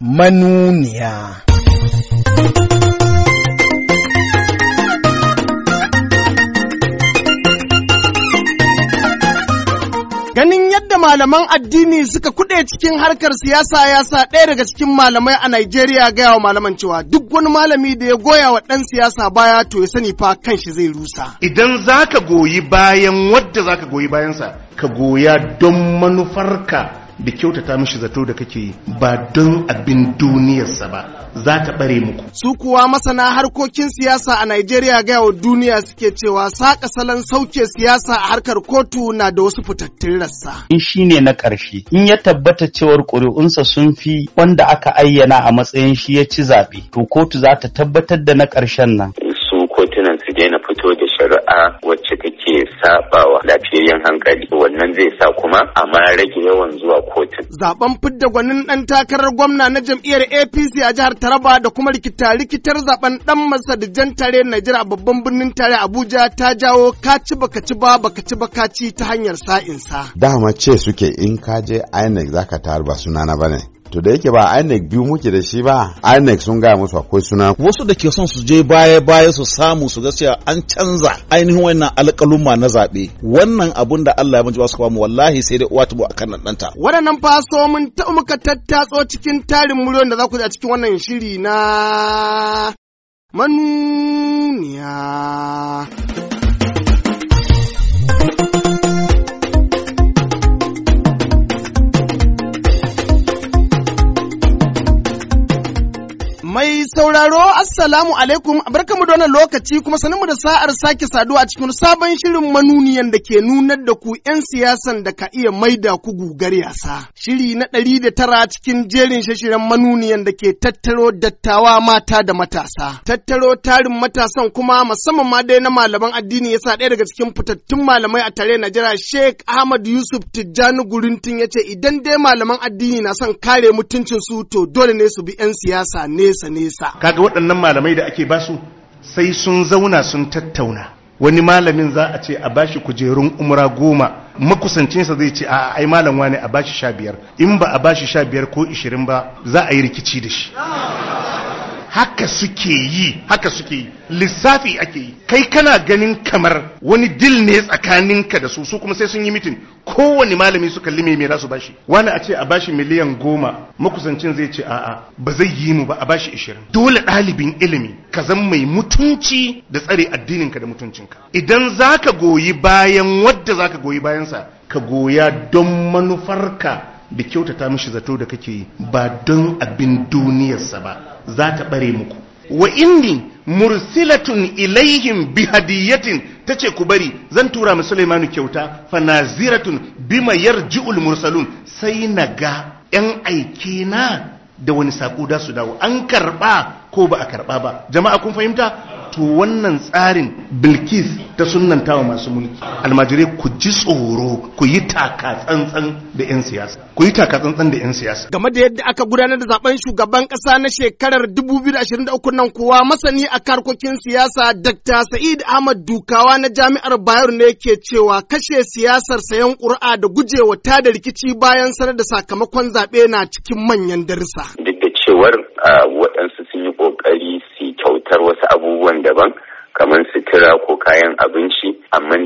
manuniya. Ganin yadda malaman addini suka kuɗe cikin harkar siyasa ya sa ɗaya daga cikin malamai a Najeriya gaya wa malaman cewa duk wani malami da ya goya wa ɗan siyasa baya to ya sani fa kan shi zai rusa. Idan za ka goyi bayan wadda za ka goyi bayansa, ka goya don manufarka da kyautata mishi zato da kake yi ba don abin duniyarsa ba za ta bare muku. Su kuwa masana harkokin siyasa a Najeriya ga wa duniya suke cewa saƙa salon sauke siyasa a harkar kotu na da wasu fitattun rassa. In shi ne na ƙarshe in ya tabbata cewar ƙuri'unsa sun fi wanda aka ayyana a matsayin shi ya ci zaɓe to kotu za ta tabbatar da na ƙarshen nan. ke sabawa lafiyayyen hankali wannan zai sa kuma a ma rage yawan zuwa kotun. Zaben fidda gwanin ɗan takarar gwamna na jam'iyyar APC a jihar Taraba da kuma rikita-rikitar zaben ɗan masa da jan tare Najeriya babban birnin tare Abuja ta jawo kaci baka ci ba baka ci baka ci ta hanyar sa'insa. Dama ce suke in ka je INEC zaka tarba sunana bane. to da yake ba INEC biyu muke da shi ba INEC sun gaya musu akwai suna wasu da ke son su je baya baya su samu su ga cewa an canza ainihin wannan alƙaluma na zaɓe wannan abun da Allah ya manji wasu kwamu wallahi sai dai uwa tubu akan nan ɗanta waɗannan faso mun ta muka tattatso cikin tarin muryoyin da za ku ji a cikin wannan shiri na manu sauraro Assalamu alaikum, barkamu da wannan lokaci kuma sanin mu da sa'ar sake saduwa a cikin sabon shirin manuniyan da ke nunar da ku 'yan siyasan da ka iya mai da ku gugar yasa. Shiri na ɗari da tara cikin jerin shashiren manuniyan da ke tattaro dattawa mata da matasa. Tattaro tarin matasan kuma musamman ma dai na malaman addini yasa ɗaya daga cikin fitattun malamai a tare Najeriya Sheikh Ahmad Yusuf Tijjani Gurintin ya ce idan dai malaman addini na son kare mutuncin su to dole ne su bi 'yan siyasa nesa nesa. Kaga waɗannan malamai da ake basu sai sun zauna sun tattauna wani malamin za a ce a bashi kujerun umra goma makusancinsa zai ce a ai malam wani a bashi sha biyar in ba a bashi sha biyar ko ishirin ba za a yi rikici da shi haka suke yi haka suke yi lissafi ake yi kai kana ganin kamar wani dil ne tsakaninka da su su kuma sai sun yi mitin kowane malami su kalli mai za su bashi wani a ce a bashi miliyan goma makusancin zai ce a'a ba zai yi mu ba a bashi ishirin dole ɗalibin ilimi ka zan mai mutunci da tsare addininka da mutuncinka idan za ka goyi bayan wadda za ka goyi bayansa ka goya don manufarka da kyautata mishi zato da kake yi ba don abin duniyarsa ba za ta ɓare muku wa inni mursilatun ilayhim bi hadiyatin tace ku bari zan tura mu Sulaimanu kyauta fa naziratun bima yarji'ul mursalun sai na ga yan aike na da wani saƙo da su dawo an karɓa ko ba a karɓa ba jama'a kun fahimta to wannan tsarin bilkis ta sunanta wa masu mulki almajirai ku ji tsoro ku yi taka tsantsan da 'yan siyasa ku yi taka tsantsan da 'yan siyasa game da yadda aka gudanar da zaben shugaban kasa na shekarar 2023 nan kuwa masani a karkokin siyasa dr sa'id ahmad dukawa na jami'ar bayero ne ke cewa kashe siyasar sayan ƙuri'a da gujewa tada rikici bayan sanar da sakamakon zaɓe na cikin manyan darussa duk da cewar ah, waɗansu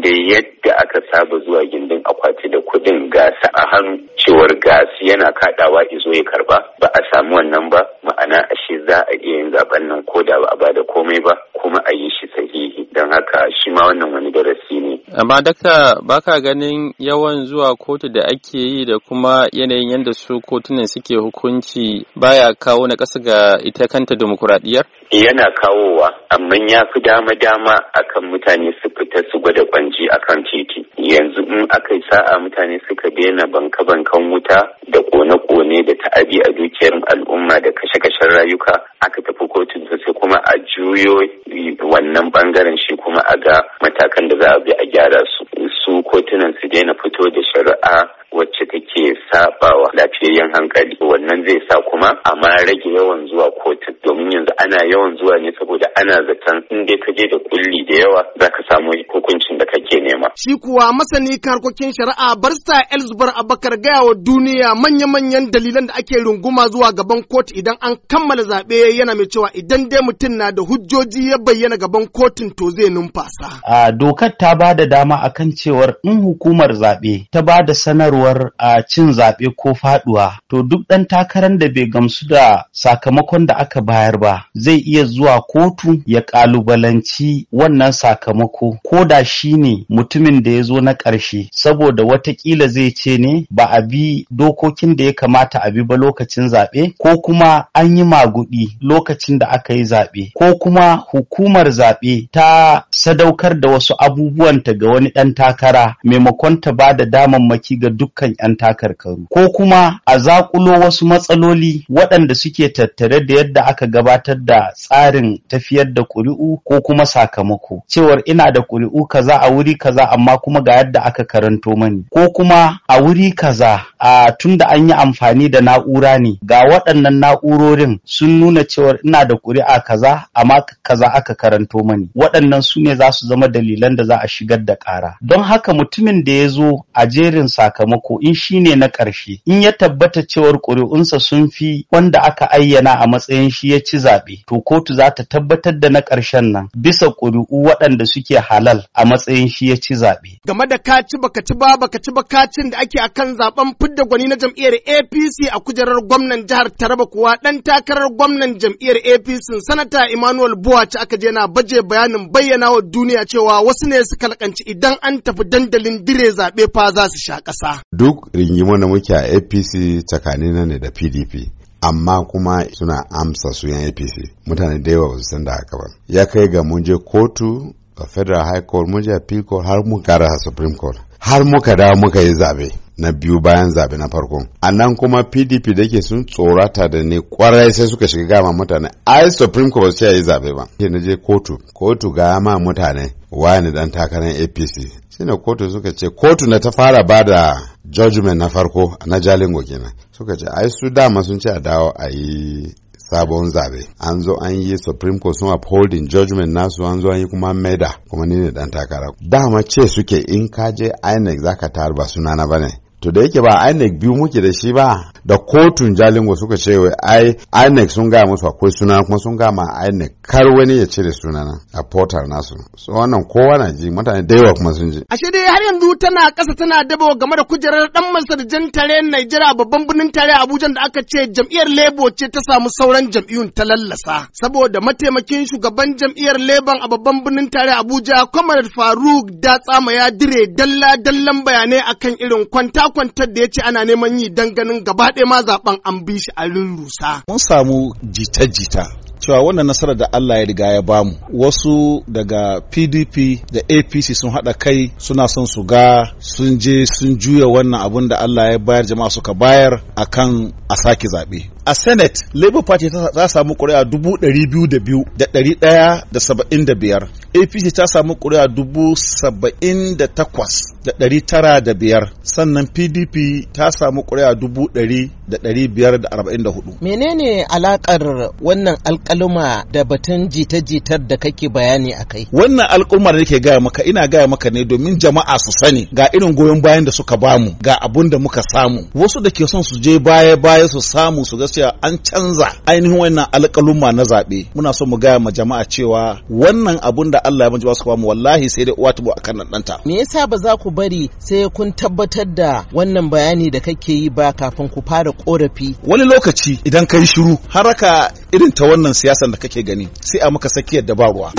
da yadda aka saba zuwa gindin akwati da kudin gasa a hannu cewar gas yana kadawa izo ya karba ba a samu wannan ba ma'ana ashe za a iya yin zaben nan ko da ba a bada komai ba kuma a yi shi sahihi don haka shi ma wannan wani darasi amma dakta baka ganin yawan zuwa kotu da ake yi da kuma yanayin yadda su kotunan suke hukunci baya kawo na ƙasa ga ita kanta demokuraɗiyar? yana kawowa amma ya fi dama-dama akan mutane su fita su gwada a kan titi yanzu in aka yi sa'a mutane suka daina banka-bankan wuta da kone-kone da ta'abi a dukiyar al'umma da kashe-kashen rayuka aka tafi kotun sai kuma a juyo wannan bangaren shi kuma a ga matakan da za a bi a gyara su su kotunan su daina fito da shari'a wacce take sabawa lafiyayyen hankali wannan zai sa kuma Amma rage yawan zuwa kotu domin yanzu ana yawan zuwa ne saboda ana zaton in dai ka je da kulli da yawa za ka samu hukuncin da kake nema. Shi kuwa masani karkokin shari'a barista Elzubar Abakar gaya wa duniya manya-manyan dalilan da ake runguma zuwa gaban kotu idan an kammala zaɓe yana mai cewa idan dai mutum na da hujjoji ya bayyana gaban kotun to zai numfasa. A dokar ta ba da dama akan cewar in hukumar zaɓe ta ba da sanarwar a cin zaɓe ko faɗuwa to duk ɗan takarar da bai gamsu da sakamakon da aka bayar ba zai iya zuwa kotu ya ƙalubalanci wannan sakamako ko da shi ne mutumin da ya zo na ƙarshe saboda watakila zai ce ne ba a bi dokokin da ya kamata a bi ba lokacin zaɓe ko kuma an yi maguɗi lokacin da aka yi zaɓe ko kuma hukumar zaɓe ta sadaukar da wasu abubuwanta ga wani ɗan takara maimakon ta ba da damammaki ga dukkan 'yan wannan takarkaru ko kuma a zakulo wasu matsaloli waɗanda suke tattare da yadda aka gabatar da tsarin tafiyar da ƙuri'u ko kuma sakamako cewar ina da ƙuri'u kaza a wuri kaza amma kuma ga yadda aka karanto mani ko kuma a wuri kaza a tunda an yi amfani da na'ura ne ga waɗannan na'urorin sun nuna cewar ina da ƙuri'a kaza amma kaza aka karanto mani waɗannan su ne za su zama dalilan da za a shigar da ƙara don haka mutumin da ya zo a jerin sakamako in shi ne na ƙarshe in ya tabbata cewar ƙuri'unsa sun fi wanda aka ayyana a matsayin shi ya ci zaɓe to kotu za ta tabbatar da na ƙarshen nan bisa ƙuri'u waɗanda suke halal a matsayin shi ya ci zaɓe. Game da kaci baka ci ba baka ci ba kacin da ake akan zaɓen fidda gwani na jam'iyyar APC a kujerar gwamnan jihar Taraba kuwa ɗan takarar gwamnan jam'iyyar APC sanata Emmanuel Buwaci aka je na baje bayanin bayyana wa duniya cewa wasu ne suka lakanci idan an tafi dandalin dire zaɓe fa za su sha ƙasa. Duk ringimon da muke a apc tsakanin ne da pdp amma kuma suna amsa su yan apc mutane da yawa ba su san da haka ba ya kai ga mun je kotu a federal high court mun je appeal court har mun kara supreme court har muka dawo muka yi zabe na biyu bayan zabe na farko a nan kuma pdp da ke sun tsorata da ne kwarai sai suka shiga gama mutane ai supreme court ba su yi zabe ba na je kotu kotu ga ma mutane wani dan takarar apc shine kotu suka ce kotu na ta fara ba da judgment na farko na jalingo kenan suka ce ai su dama sun ce a dawo a yi sabon zabe an zo an yi supreme court sun upholding judgment nasu an zo an yi kuma maida kuma ni ne dan takara dama ce suke in ka je inec zaka tarba sunana bane to da yake ba INEC biyu muke da shi ba da kotun jalingo suka ce wai ai INEC sun gaya musu akwai suna kuma sun gama INEC kar wani ya cire sunana a portal nasu so wannan kowa na ji mutane da yawa kuma sun ji ashe dai har yanzu tana kasa tana daba game da kujerar dan masarjan tare Najeriya babban birnin tare Abuja da aka ce jam'iyyar Labour ce ta samu sauran jam'iyyun ta lallasa saboda mataimakin shugaban jam'iyyar Labour a babban birnin tare Abuja Comrade Faruk da tsama ya dire dalla dallan bayanai akan irin kwanta makwantar da ya ce ana neman yi ganin gaba ɗaya ma zaben an bi shi a rurrusa. Mun samu jita-jita cewa wannan nasarar da Allah ya riga ya bamu wasu daga PDP da APC sun hada kai suna son su ga sun je sun juya wannan abun da Allah ya bayar jama'a suka bayar akan a sake zaɓe. A Senate, Labour Party ta samu kuria dubu APC ta samu kuri'a dubu saba'in biyar. Sannan PDP ta samu ƙuri'a dubu Menene alaƙar wannan alƙa alƙaluma da batun jita-jitar da kake bayani a kai wannan alƙaluma nake gaya maka ina gaya maka ne domin jama'a su sani ga irin goyon bayan da suka bamu ga abun da muka samu wasu da ke son su je baya baya su samu su ga cewa an canza ainihin wannan alƙaluma na zaɓe muna so mu gaya ma jama'a cewa wannan abun da Allah ya manji ba su bamu wallahi sai dai uwa tubu akan ɗanta me yasa ba za ku bari sai kun tabbatar da wannan bayani da kake yi ba kafin ku fara korafi wani lokaci idan ka yi shiru haraka irin ta wannan siyasar da kake gani sai a maka sakiyar da ba ruwa.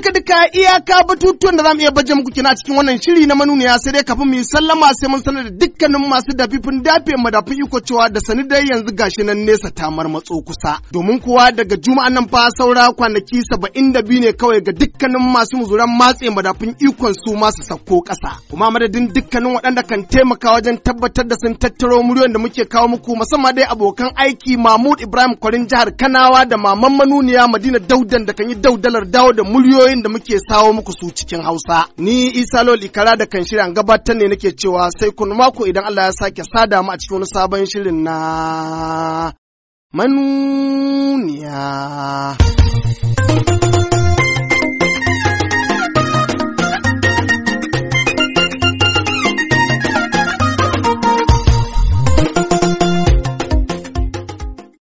duka duka iyaka batutuwan da za mu iya baje muku kina cikin wannan shiri na manuniya sai dai kafin mu yi sallama sai mun sanar da dukkanin masu dafifin dafe madafin iko cewa da sani dai yanzu gashi nan nesa ta marmatso kusa domin kuwa daga juma'an nan fa saura kwanaki saba'in da biyu ne kawai ga dukkanin masu muzuran matse madafin ikon su masu sauko kasa kuma madadin dukkanin waɗanda kan taimaka wajen tabbatar da sun tattaro muryoyin da muke kawo muku musamman dai abokan aiki Mahmud Ibrahim Kwarin jihar Kanawa da maman manuniya Madina Daudan da kan yi daudalar dawo da muryoyi muryoyin da muke sawo muku su cikin Hausa. Ni Isa Lol Ikara da kan shirin gabatar ne nake cewa sai kun mako idan Allah ya sake sada mu a cikin wani sabon shirin na manuniya.